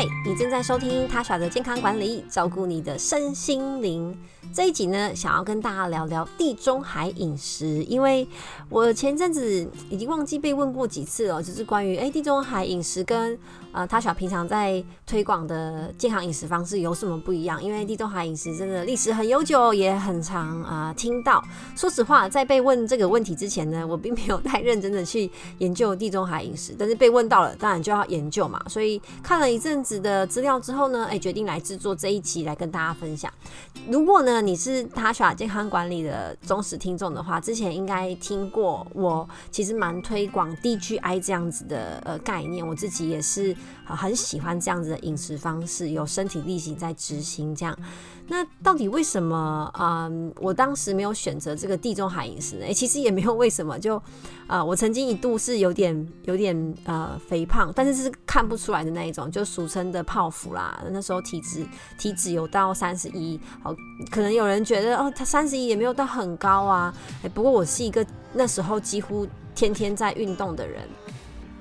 Hey, 你正在收聽 Tasha 的健康管理，照顧你的身心靈。這一集呢，想要跟大家聊聊地中海飲食，因為我前陣子已經忘記被問過幾次了，就是關於哎、欸，地中海飲食跟呃，塔莎平常在推廣的健康飲食方式有什麼不一樣？因為地中海飲食真的歷史很悠久，也很常啊、呃、聽到。說實話，在被問這個問題之前呢，我並沒有太認真的去研究地中海飲食。但是被問到了，當然就要研究嘛。所以看了一陣子的資料之後呢，哎、欸，決定來製作這一期來跟大家分享。如果呢你是塔莎健康管理的忠實聽眾的話，之前應該聽過我其實蠻推廣低 GI 這樣子的呃概念，我自己也是。好，很喜歡這樣子的飲食方式，有身體力行在執行這樣。那到底為什麼？嗯，我當時沒有選擇這個地中海飲食呢？欸、其實也沒有為什麼，就啊、呃，我曾經一度是有點、有點呃肥胖，但是是看不出來的那一種，就俗稱的泡芙啦。那時候體脂體脂有到三十一，好，可能有人覺得哦，他三十一也沒有到很高啊。哎、欸，不過我是一個那時候幾乎天天在運動的人。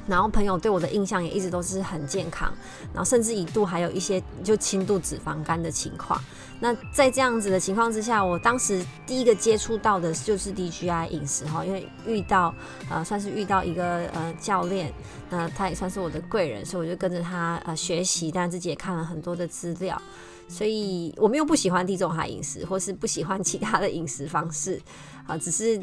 然後朋友對我的印象也一直都是很健康，然後甚至一度還有一些就輕度脂肪肝的情況。那在這樣子的情況之下，我當時第一個接觸到的就是低 GI 飲食哈，因為遇到呃算是遇到一個呃教練，那、呃、他也算是我的貴人，所以我就跟着他呃學習，但自己也看了很多的資料。所以我沒有不喜歡地中海飲食，或是不喜歡其他的飲食方式，啊、呃，只是。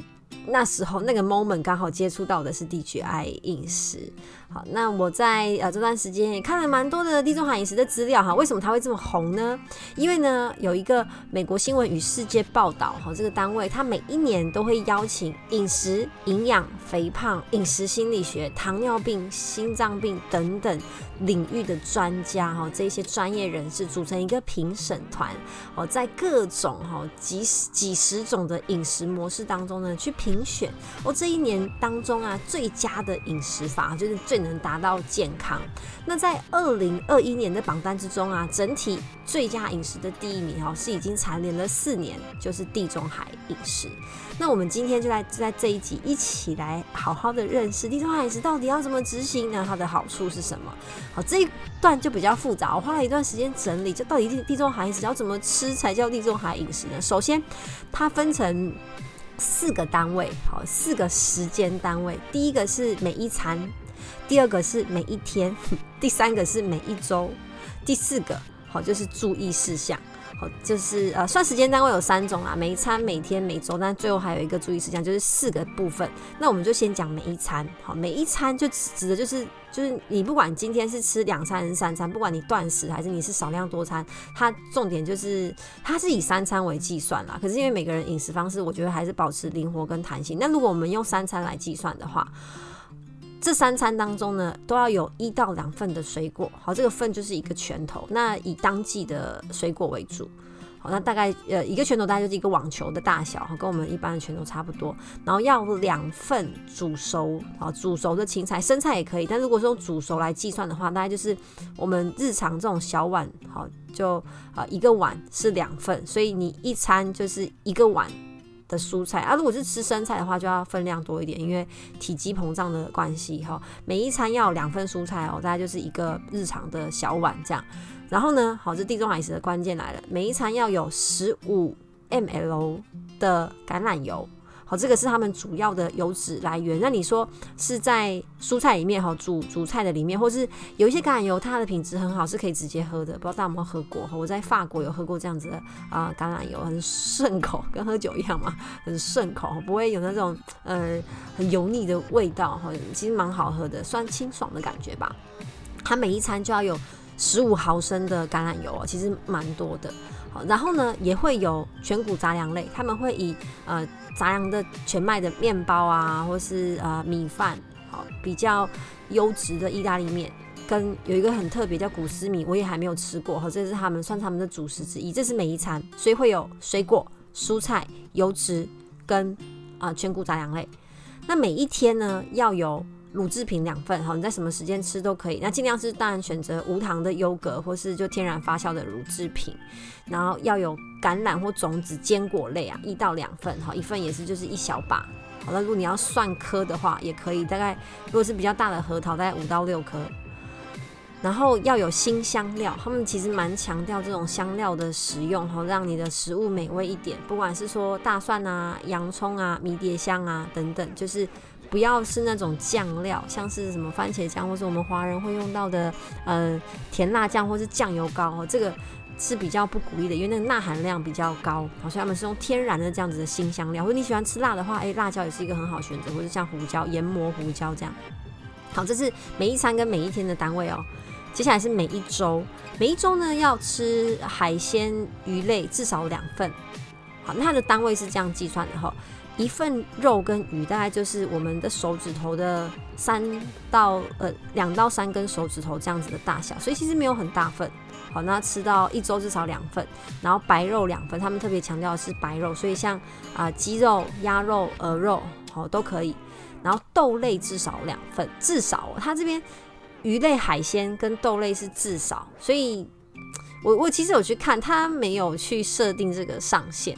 那時候那個 moment 剛好接觸到的是低 GI 飲食。好，那我在呃這段時間也看了蠻多的地中海飲食的資料。哈，為什麼它會這麼紅呢？因為呢，有一個美國新聞與世界報道哈這個單位，它每一年都會邀請飲食、營養、肥胖、飲食心理學、糖尿病、心臟病等等領域的專家哈這些專業人士組成一個評審團，哦，在各種哈幾幾十種的飲食模式當中呢，去。評選我、哦、這一年當中啊，最佳的飲食法就是最能達到健康。那在二零二一年的榜單之中啊，整體最佳飲食的第一名哦，是已經蟬聯了四年，就是地中海飲食。那我們今天就在在這一集一起來好好的認識地中海飲食到底要怎麼執行呢？它的好處是什麼？好，這一段就比較複雜，我花了一段時間整理，就到底地地中海飲食要怎麼吃才叫地中海飲食呢？首先，它分成。四個單位，好，四個時間單位。第一個是每一餐，第二個是每一天，第三個是每一週，第四個，好，就是注意事項。好，就是呃，算時間單位有三種啦。每一餐、每天、每周，但最後還有一個注意事項，就是四個部分。那我們就先講每一餐。好，每一餐就指，指的，就是就是你不管今天是吃兩餐還是三餐，不管你斷食還是你是少量多餐，它重點就是它是以三餐為計算啦。可是因為每個人飲食方式，我覺得還是保持靈活跟彈性。那如果我們用三餐來計算的話，這三餐當中呢，都要有一到兩份的水果，好，這個份就是一個拳頭，那以當季的水果為主，好，那大概呃一個拳頭大概就是一個網球的大小，好，跟我們一般的拳頭差不多，然後要兩份煮熟，啊，煮熟的青菜、生菜也可以，但如果是用煮熟來計算的話，大概就是我們日常這種小碗，好，就啊一個碗是兩份，所以你一餐就是一個碗。的蔬菜啊，如果是吃生菜的話，就要分量多一點，因為體積膨脹的關係哈、喔。每一餐要兩份蔬菜哦、喔，大概就是一個日常的小碗這樣。然後呢，好、喔，這地中海飲食的關鍵來了，每一餐要有十五 mL 的橄欖油。好，這個是他們主要的油脂來源。那你說是在蔬菜裡面哈，煮煮菜的裡面，或是有一些橄欖油，它的品質很好，是可以直接喝的。不知道大家有沒有喝過？我在法國有喝過這樣子的啊、呃，橄欖油很順口，跟喝酒一樣嘛，很順口，不會有那種呃很油膩的味道哈。其實蠻好喝的，算清爽的感覺吧。它每一餐就要有十五毫升的橄欖油，其實蠻多的。好，然後呢，也會有全谷雜糧類，他們會以呃。雜糧的全麥的麵包啊，或是啊、呃，米飯，好，比較優質的意大利麵，跟有一個很特別叫古斯米，我也還沒有吃過，哈，這是他們算他們的主食之一，這是每一餐，所以會有水果、蔬菜、油脂跟啊、呃、全穀雜糧類，那每一天呢要有乳製品兩份哈，你在什麼時間吃都可以，那儘量是當然選擇無糖的優格，或是就天然發酵的乳製品，然後要有橄欖或種子堅果類啊，一到兩份哈，一份也是就是一小把，好，那如果你要算顆的話也可以，大概如果是比較大的核桃，大概五到六顆，然後要有辛香料，他們其實蠻強調這種香料的使用哈，讓你的食物美味一點，不管是說大蒜啊、洋蔥啊、迷迭香啊等等，就是。不要是那種醬料，像是什麼番茄醬，或是我們華人會用到的，呃，甜辣醬，或是醬油膏，這個是比較不鼓勵的，因為那個鈉含量比較高。好、哦，所以他們是用天然的這樣子的辛香料，如果你喜歡吃辣的話，誒、哎，辣椒也是一個很好選擇，或者像胡椒，研磨胡椒這樣。好，這是每一餐跟每一天的單位哦。接下來是每一週，每一週呢要吃海鮮魚類至少兩份。好，那它的單位是這樣計算的哈、哦。一份肉跟魚大概就是我們的手指頭的三到呃兩到三根手指頭這樣子的大小，所以其實沒有很大份。好，那吃到一周至少兩份，然後白肉兩份，他們特別強調的是白肉，所以像啊雞肉、鴨肉、鵝肉好，都可以。然後豆類至少兩份，至少他這邊魚類海鮮跟豆類是至少，所以我我其實有去看，他沒有去設定這個上限。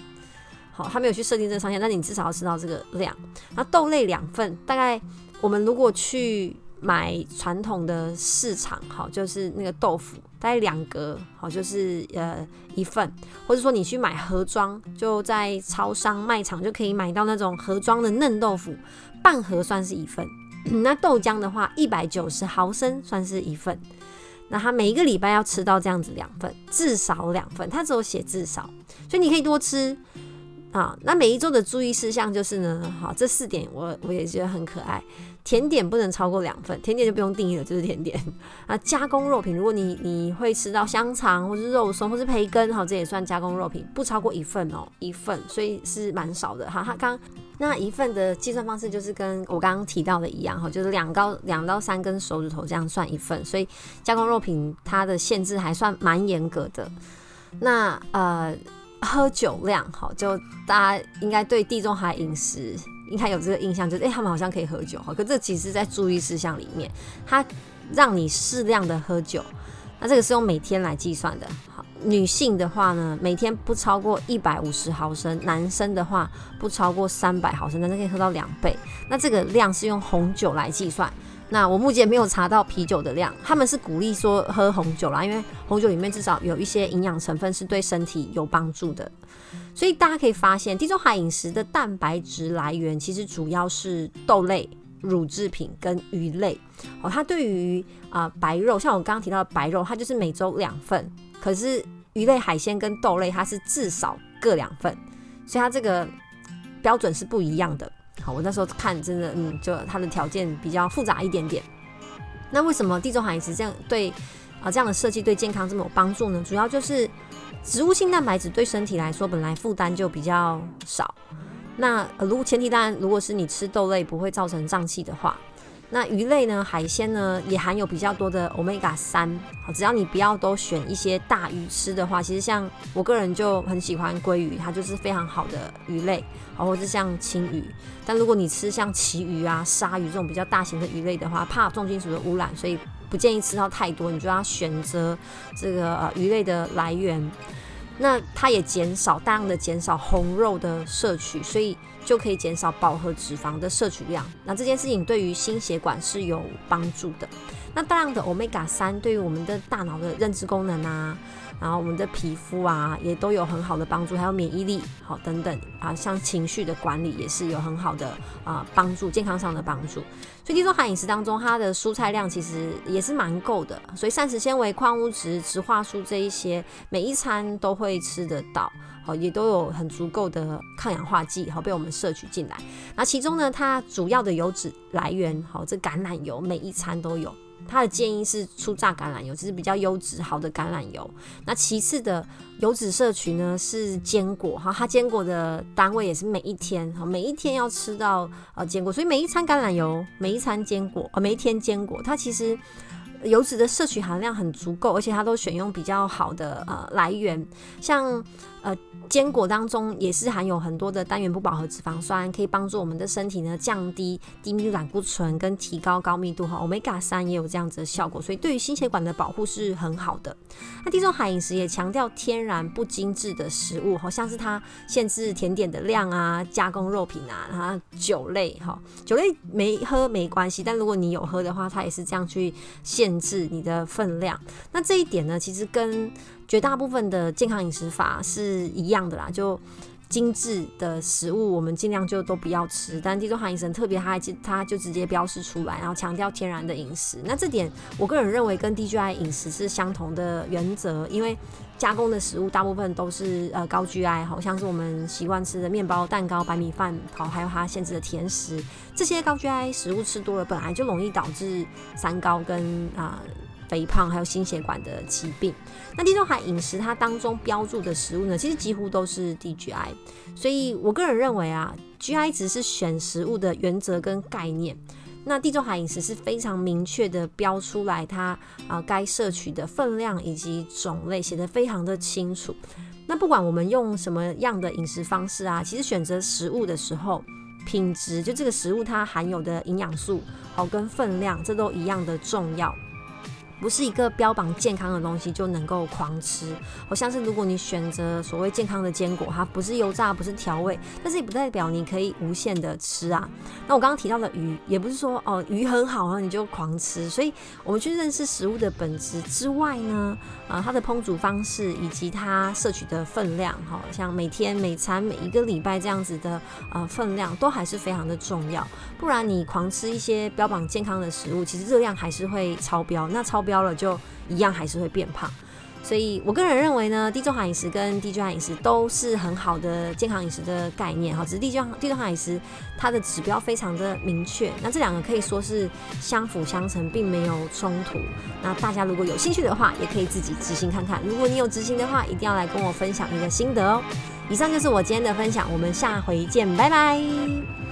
好，他沒有去設定這個上限，但你至少要吃到這個量。那豆類兩份，大概我們如果去買傳統的市場，好，就是那個豆腐，大概兩格，好，就是呃一份。或者說你去買盒裝，就在超商賣場就可以買到那種盒裝的嫩豆腐，半盒算是一份。 那豆漿的話，一百九十毫升算是一份。那他每一個禮拜要吃到這樣子兩份，至少兩份，他只有寫至少，所以你可以多吃。啊，那每一周的注意事項就是呢，好，這四點我我也覺得很可愛。甜點不能超過兩份，甜點就不用定義了，就是甜點啊。加工肉品，如果你你會吃到香腸或是肉鬆或是培根，好，這也算加工肉品，不超過一份哦，一份，所以是蠻少的。好，它剛那一份的計算方式就是跟我剛剛提到的一樣，哈，就是兩到兩到三根手指頭這樣算一份，所以加工肉品它的限制還算蠻嚴格的。那呃。喝酒量好，就大家應該對地中海飲食應該有這個印象，就是、欸、他們好像可以喝酒，好，可這其實在注意事項裡面，它讓你適量的喝酒，那這個是用每天來計算的，好，女性的話呢，每天不超過一百五十毫升，男生的話不超過三百毫升，男生可以喝到兩倍，那這個量是用紅酒來計算。那我目前沒有查到啤酒的量，他們是鼓勵說喝紅酒啦，因為紅酒裡面至少有一些營養成分是對身體有幫助的。所以大家可以發現，地中海飲食的蛋白質來源其實主要是豆類、乳製品跟魚類。哦，它對於啊、呃、白肉，像我剛剛提到的白肉，它就是每週兩份；可是魚類、海鮮跟豆類，它是至少各兩份，所以它這個標準是不一樣的。我那時候看，真的，嗯，就它的條件比較複雜一點點。那為什麼地中海飲食這樣對，啊，這樣的設計對健康這麼有幫助呢？主要就是植物性蛋白質對身體來說本來負擔就比較少。那呃如果前提當然，如果是你吃豆類不會造成脹氣的話。那魚類呢？海鮮呢？也含有比較多的 Omega 3。好，只要你不要都選一些大魚吃的話，其實像我個人就很喜歡鮭魚，它就是非常好的魚類，或者是像青魚。但如果你吃像旗魚啊、鯊魚這種比較大型的魚類的話，怕重金屬的污染，所以不建議吃到太多。你就要選擇這個、呃、魚類的來源。那它也減少大量的減少紅肉的攝取，所以就可以減少飽和脂肪的攝取量。那這件事情對於心血管是有幫助的。那大量的歐米伽三對於我們的大腦的認知功能啊，然後我們的皮膚啊也都有很好的幫助，還有免疫力好等等啊，像情緒的管理也是有很好的啊、呃、幫助，健康上的幫助。所以，地中海飲食當中，它的蔬菜量其實也是蠻夠的，所以膳食纖維、礦物質、植化素這一些，每一餐都會吃得到，好，也都有很足夠的抗氧化劑，好，被我們攝取進來。那其中呢，它主要的油脂來源，好，這橄欖油，每一餐都有。他的建議是初榨橄欖油，就是比較優質好的橄欖油。那其次的油脂攝取呢是堅果哈，它堅果的單位也是每一天哈，每一天要吃到呃堅果，所以每一餐橄欖油、每一餐堅果、每一天堅果，它其實油脂的攝取含量很足夠，而且它都選用比較好的呃來源，像。呃，堅果當中也是含有很多的單元不飽和脂肪酸，可以幫助我們的身體呢降低，低密度膽固醇跟提高高密度哈，Omega 三也有這樣子的效果，所以對於心血管的保護是很好的。那地中海飲食也強調天然不精緻的食物，好、哦、像是它限制甜點的量啊，加工肉品啊，然後酒類哈、哦，酒類沒喝沒關係，但如果你有喝的話，它也是這樣去限制你的分量。那這一點呢，其實跟絕大部分的健康飲食法是一樣的啦，就精致的食物我們儘量就都不要吃。但地中海飲食特別他還，它就直接標示出來，然後強調天然的飲食。那這點我個人認為跟低 GI 飲食是相同的原則，因為加工的食物大部分都是呃高 GI，好，像是我們習慣吃的麵包、蛋糕、白米飯，好還有它限制的甜食，這些高 GI 食物吃多了本來就容易導致三高跟啊。呃肥胖還有心血管的疾病。那地中海飲食它當中標注的食物呢，其實幾乎都是低 GI。所以我個人認為啊，GI 只是選食物的原則跟概念。那地中海飲食是非常明確的標出來它啊該攝取的分量以及種類，寫得非常的清楚。那不管我們用什麼樣的飲食方式啊，其實選擇食物的時候，品質就這個食物它含有的營養素，好跟分量，這都一樣的重要。不是一個標榜健康的東西就能夠狂吃，好、哦、像是如果你選擇所謂健康的堅果，它不是油炸，不是調味，但是也不代表你可以無限的吃啊。那我剛剛提到的魚，也不是說哦魚很好、啊，然後你就狂吃。所以我們去認識食物的本質之外呢，啊，它的烹煮方式以及它攝取的分量，哈、哦，像每天每餐每一個禮拜這樣子的呃分量，都還是非常的重要。不然你狂吃一些標榜健康的食物，其實熱量還是會超標。那超。標了就一樣還是會變胖，所以我個人認為呢，地中海飲食跟低 GI 飲食都是很好的健康飲食的概念哈。只是地中海地中海飲食它的指標非常的明確，那這兩個可以說是相輔相成，並沒有衝突。那大家如果有興趣的話，也可以自己執行看看。如果你有執行的話，一定要來跟我分享一個心得哦、喔。以上就是我今天的分享，我們下回見，拜拜。